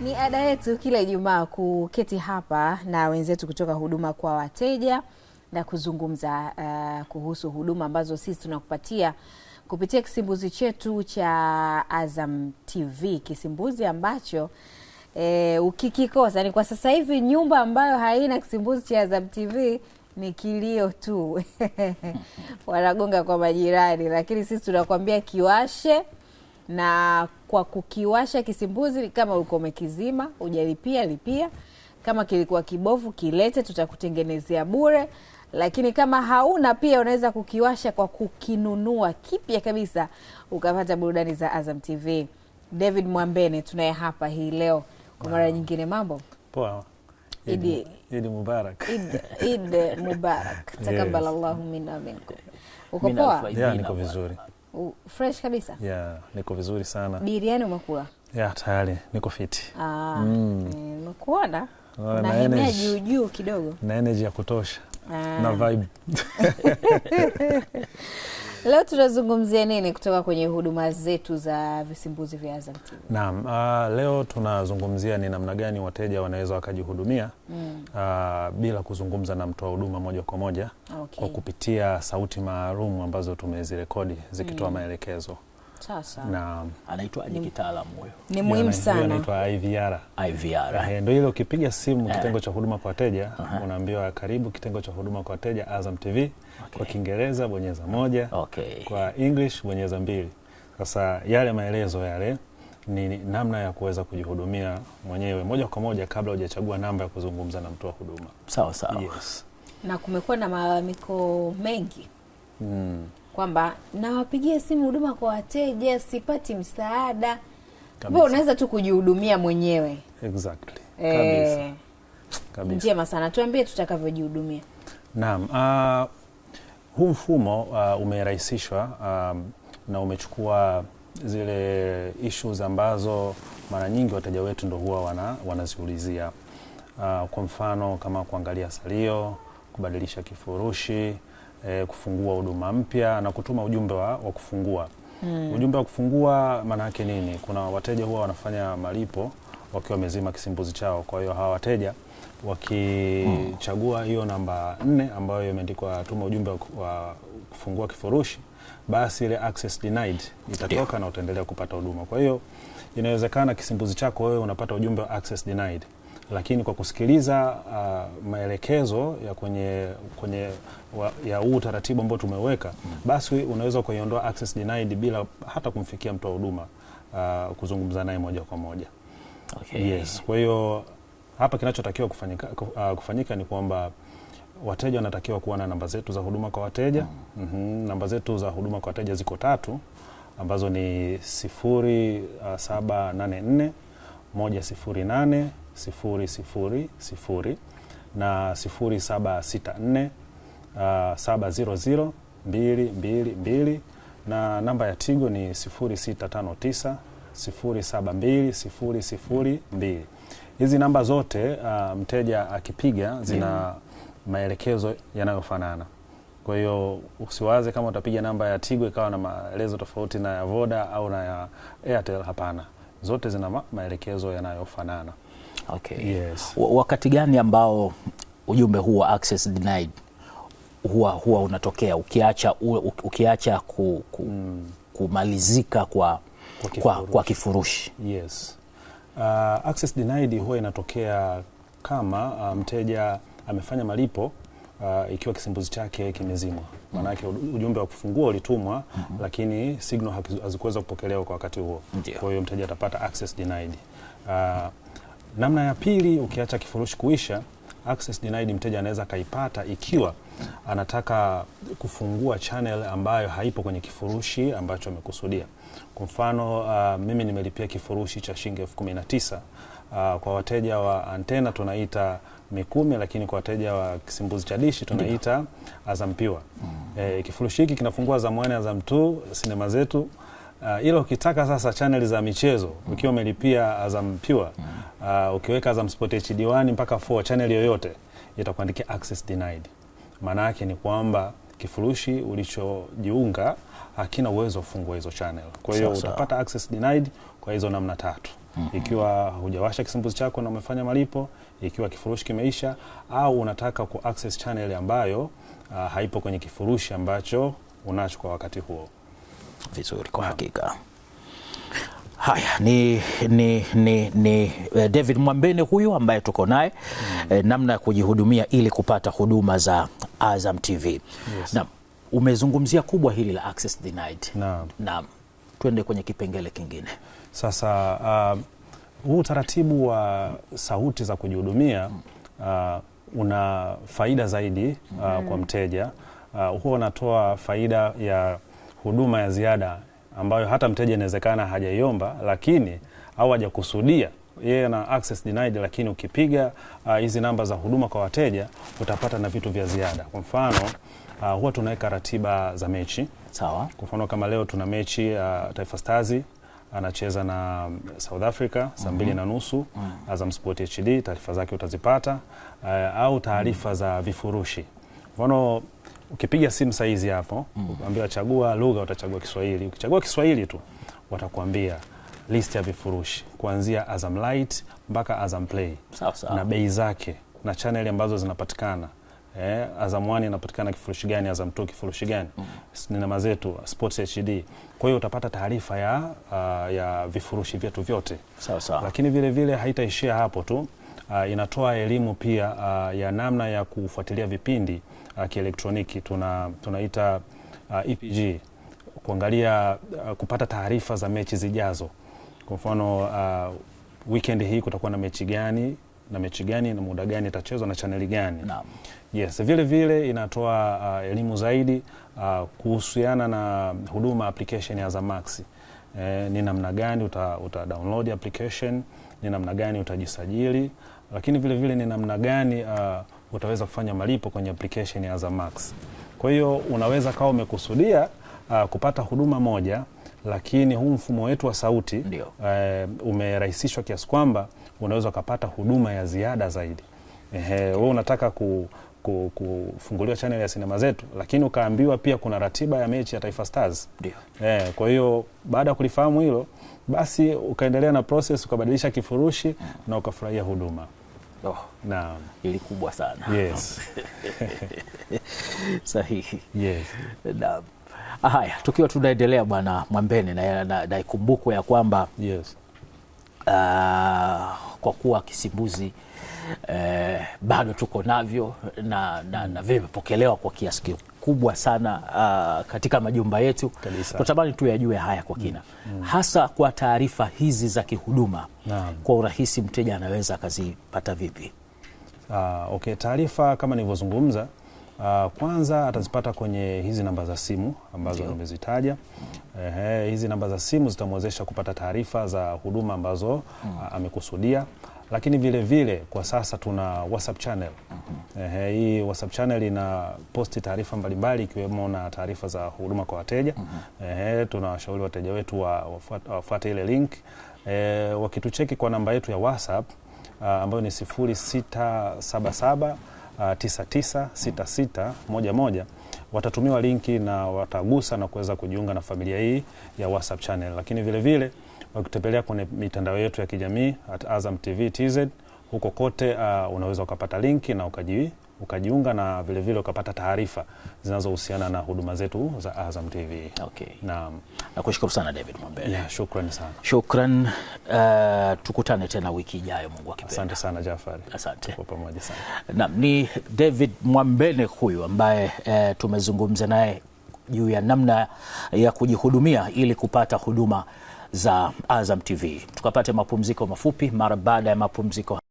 Ni ada yetu kila Ijumaa kuketi hapa na wenzetu kutoka huduma kwa wateja na kuzungumza uh, kuhusu huduma ambazo sisi tunakupatia kupitia kisimbuzi chetu cha Azam TV, kisimbuzi ambacho eh, ukikikosa ni kwa sasa hivi nyumba ambayo haina kisimbuzi cha Azam TV ni kilio tu wanagonga kwa majirani, lakini sisi tunakwambia kiwashe na kwa kukiwasha kisimbuzi, kama ukomekizima ujalipia lipia, kama kilikuwa kibovu kilete, tutakutengenezea bure. Lakini kama hauna pia, unaweza kukiwasha kwa kukinunua kipya kabisa, ukapata burudani za Azam TV. David Mwambene tunaye hapa hii leo kwa mara nyingine. Mambo poa? Idi Mubarak, Mubarak, minkum. Uko poa? Niko vizuri fresh kabisa? Yeah, niko vizuri sana. Biriani umekula? Yeah, tayari niko fiti. Ah, nimekuona. Mm. Nahemea juu juu kidogo. Na energy ya kutosha. Ah. Na vibe. Leo tunazungumzia nini kutoka kwenye huduma zetu za visimbuzi vya Azam TV? Naam, uh, leo tunazungumzia ni namna gani wateja wanaweza wakajihudumia mm. uh, bila kuzungumza na mtoa huduma moja kwa moja okay. kwa kupitia sauti maalum ambazo tumezirekodi zikitoa mm. maelekezo. Sasa. Na anaitwa aje kitaalamu huyo? Ni muhimu sana. Anaitwa IVR. IVR. Eh, ndio ile ukipiga simu eh. kitengo cha huduma kwa wateja uh -huh. unaambiwa karibu kitengo cha huduma kwa wateja Azam TV. Okay. Kwa Kiingereza bonyeza moja. Okay. Kwa English bonyeza mbili. Sasa yale maelezo yale ni namna ya kuweza kujihudumia mwenyewe moja kwa moja kabla hujachagua namba ya kuzungumza na wa huduma. Sawa sawa. Yes. Na kumekuwa na malalamiko mengi. Mm kwamba nawapigia simu huduma kwa wateja, sipati msaada. Unaweza tu kujihudumia mwenyewe. Exactly. E, Njema sana, tuambie tutakavyojihudumia. Naam, uh, huu mfumo uh, umerahisishwa uh, na umechukua zile issues ambazo mara nyingi wateja wetu ndo huwa wana, wanaziulizia uh, kwa mfano kama kuangalia salio kubadilisha kifurushi e, kufungua huduma mpya na kutuma ujumbe wa, wa kufungua mm. Ujumbe wa kufungua maana yake nini? Kuna wateja huwa wanafanya malipo wakiwa wamezima kisimbuzi chao, kwa hiyo hawa wateja wakichagua mm. hiyo namba nne ambayo imeandikwa tuma ujumbe wa kufungua kifurushi, basi ile access denied itatoka yeah. na utaendelea kupata huduma. Kwa hiyo inawezekana kisimbuzi chako wewe unapata ujumbe wa access denied lakini kwa kusikiliza uh, maelekezo ya kwenye, kwenye wa, ya huu utaratibu ambao tumeweka mm. basi unaweza kuiondoa access denied bila hata kumfikia mtu wa huduma uh, kuzungumza naye moja kwa moja. Okay. Yes, kwa hiyo hapa kinachotakiwa kufanyika, uh, kufanyika ni kwamba wateja wanatakiwa kuwa na namba zetu za huduma kwa wateja mm. mm -hmm. Namba zetu za huduma kwa wateja ziko tatu ambazo ni sifuri uh, saba nane nne 108 000 na 0764 uh, 700 222 na namba ya Tigo ni 0659 072 002. Hizi namba zote uh, mteja akipiga zina yeah, maelekezo yanayofanana. Kwa hiyo usiwaze kama utapiga namba ya Tigo ikawa na maelezo tofauti na ya Voda au na ya Airtel. Hapana zote zina maelekezo yanayofanana. Okay. Yes. Wakati gani ambao ujumbe huu wa access denied huwa huwa unatokea ukiacha, u, ukiacha ku, ku, mm. kumalizika kwa, kwa kifurushi, kwa kwa kifurushi. Yes. Uh, access denied huwa inatokea kama uh, mteja um, amefanya malipo uh, ikiwa kisimbuzi chake kimezimwa. Maanake ujumbe wa kufungua ulitumwa mm -hmm. lakini signal hazikuweza kupokelewa kwa wakati huo. Kwa hiyo mteja atapata access denied. Uh, namna ya pili ukiacha kifurushi kuisha access denied mteja anaweza akaipata ikiwa anataka kufungua channel ambayo haipo kwenye kifurushi ambacho amekusudia. Kwa mfano uh, mimi nimelipia kifurushi cha shilingi elfu kumi na tisa uh, kwa wateja wa antena tunaita Mikumi, lakini kwa wateja wa kisimbuzi cha dishi tunaita Azam Piwa. mm -hmm. E, kifurushi hiki kinafungua Azam 1, Azam 2, sinema zetu uh, ila ukitaka sasa chaneli za michezo ukiwa umelipia Azam Piwa mm -hmm uh, ukiweka Azam Sport HD1 mpaka 4 channel yoyote itakuandikia access denied. Maana yake ni kwamba kifurushi ulichojiunga hakina uwezo kufungua hizo channel. Kwa hiyo utapata access denied kwa hizo namna tatu. Mm -hmm. Ikiwa hujawasha kisimbuzi chako na umefanya malipo, ikiwa kifurushi kimeisha, au unataka ku access channel ambayo uh, haipo kwenye kifurushi ambacho unacho kwa wakati huo. Vizuri, kwa hakika. Haya ni, ni, ni, ni eh, David Mwambene huyu ambaye tuko naye mm. E, namna ya kujihudumia ili kupata huduma za Azam TV yes. Na umezungumzia kubwa hili la access denied. Na, na Tuende kwenye kipengele kingine sasa. Uh, huu utaratibu wa sauti za kujihudumia hmm. uh, una faida zaidi uh, mm. kwa hmm. mteja uh, huwa unatoa faida ya huduma ya ziada ambayo hata mteja inawezekana hajaiomba lakini au hajakusudia yeye na access denied, lakini ukipiga uh, hizi uh, namba za huduma kwa wateja utapata na vitu vya ziada. Kwa mfano uh, huwa tunaweka ratiba za mechi sawa. Kwa mfano kama leo tuna mechi uh, Taifa Stars anacheza na um, South Africa saa mbili mm -hmm. na nusu mm -hmm. Azam Sport HD, taarifa zake utazipata uh, au taarifa mm -hmm. za vifurushi mfano Ukipiga simu saizi hapo mm. chagua lugha, utachagua Kiswahili. Ukichagua Kiswahili tu watakuambia list ya vifurushi kuanzia Azam Light mpaka Azam Play na bei zake na chaneli ambazo zinapatikana eh, Azam 1 inapatikana kifurushi gani, Azam 2 kifurushi gani mm. sinema zetu Sports HD. Kwa hiyo utapata taarifa ya, uh, ya vifurushi vyetu vyote sawa sawa, lakini vile vile haitaishia hapo tu uh, inatoa elimu pia uh, ya namna ya kufuatilia vipindi uh, kielektroniki tuna, tunaita uh, EPG kuangalia uh, kupata taarifa za mechi zijazo. Kwa mfano uh, weekend hii kutakuwa na mechi gani na mechi gani na muda gani itachezwa na chaneli gani. Naam. Yes, vile vile inatoa uh, elimu zaidi uh, kuhusiana na huduma application ya Zamax. Eh, ni namna gani uta, uta download application, ni namna gani utajisajili lakini vile vile ni namna gani uh, utaweza kufanya malipo kwenye application ya Zamax. Kwa hiyo unaweza kawa umekusudia uh, kupata huduma moja lakini huu mfumo wetu wa sauti uh, umerahisishwa kiasi kwamba unaweza ukapata huduma ya ziada zaidi. Ehe, wewe unataka ku, ku, kufunguliwa channel ya sinema zetu, lakini ukaambiwa pia kuna ratiba ya mechi ya Taifa Stars. Ndio. Eh, kwa hiyo baada ya kulifahamu hilo basi ukaendelea na process ukabadilisha kifurushi mm. na ukafurahia huduma. Oh, na ili kubwa sana. Yes. Sahihi. Yes. na Haya, tukiwa tunaendelea Bwana Mwambene, na, na, na ya kwamba yes. Uh, kwa kuwa kisimbuzi eh, bado tuko navyo na, na, na vimepokelewa kwa kiasi kubwa sana uh, katika majumba yetu. Tunatamani yajue haya kwa kina mm, mm. hasa kwa taarifa hizi za kihuduma mm. kwa urahisi mteja anaweza akazipata vipi? Uh, okay, taarifa kama nilivyozungumza Uh, kwanza atazipata kwenye hizi namba za simu ambazo nimezitaja. Ehe, hizi namba za simu zitamwezesha kupata taarifa za huduma ambazo mm. Uh, amekusudia lakini vile vile kwa sasa tuna WhatsApp channel. Mhm. Ehe, hii WhatsApp channel ina posti taarifa mbalimbali ikiwemo na taarifa za huduma kwa wateja. Mhm. Ehe, tunawashauri wateja wetu wafuate ile link. Ehe, wakitucheki kwa namba yetu ya WhatsApp ambayo ni 0677 996611 watatumiwa linki na watagusa na kuweza kujiunga na familia hii ya WhatsApp channel, lakini vile vile wakitembelea kwenye mitandao yetu ya kijamii at Azam TV TZ, huko kote uh, unaweza ukapata linki na ukaji, ukajiunga na vilevile vile ukapata taarifa zinazohusiana na huduma zetu za Azam TV. Okay. Na na kushukuru sana David Mwambele. Yeah, shukrani sana. Shukran. Uh, tukutane tena wiki ijayo Mungu akipenda. Asante sana Jafari. Asante. Kwa pamoja sana. Naam, ni David Mwambele huyu ambaye uh, tumezungumza naye juu ya namna ya kujihudumia ili kupata huduma za Azam TV. Tukapate mapumziko mafupi. Mara baada ya mapumziko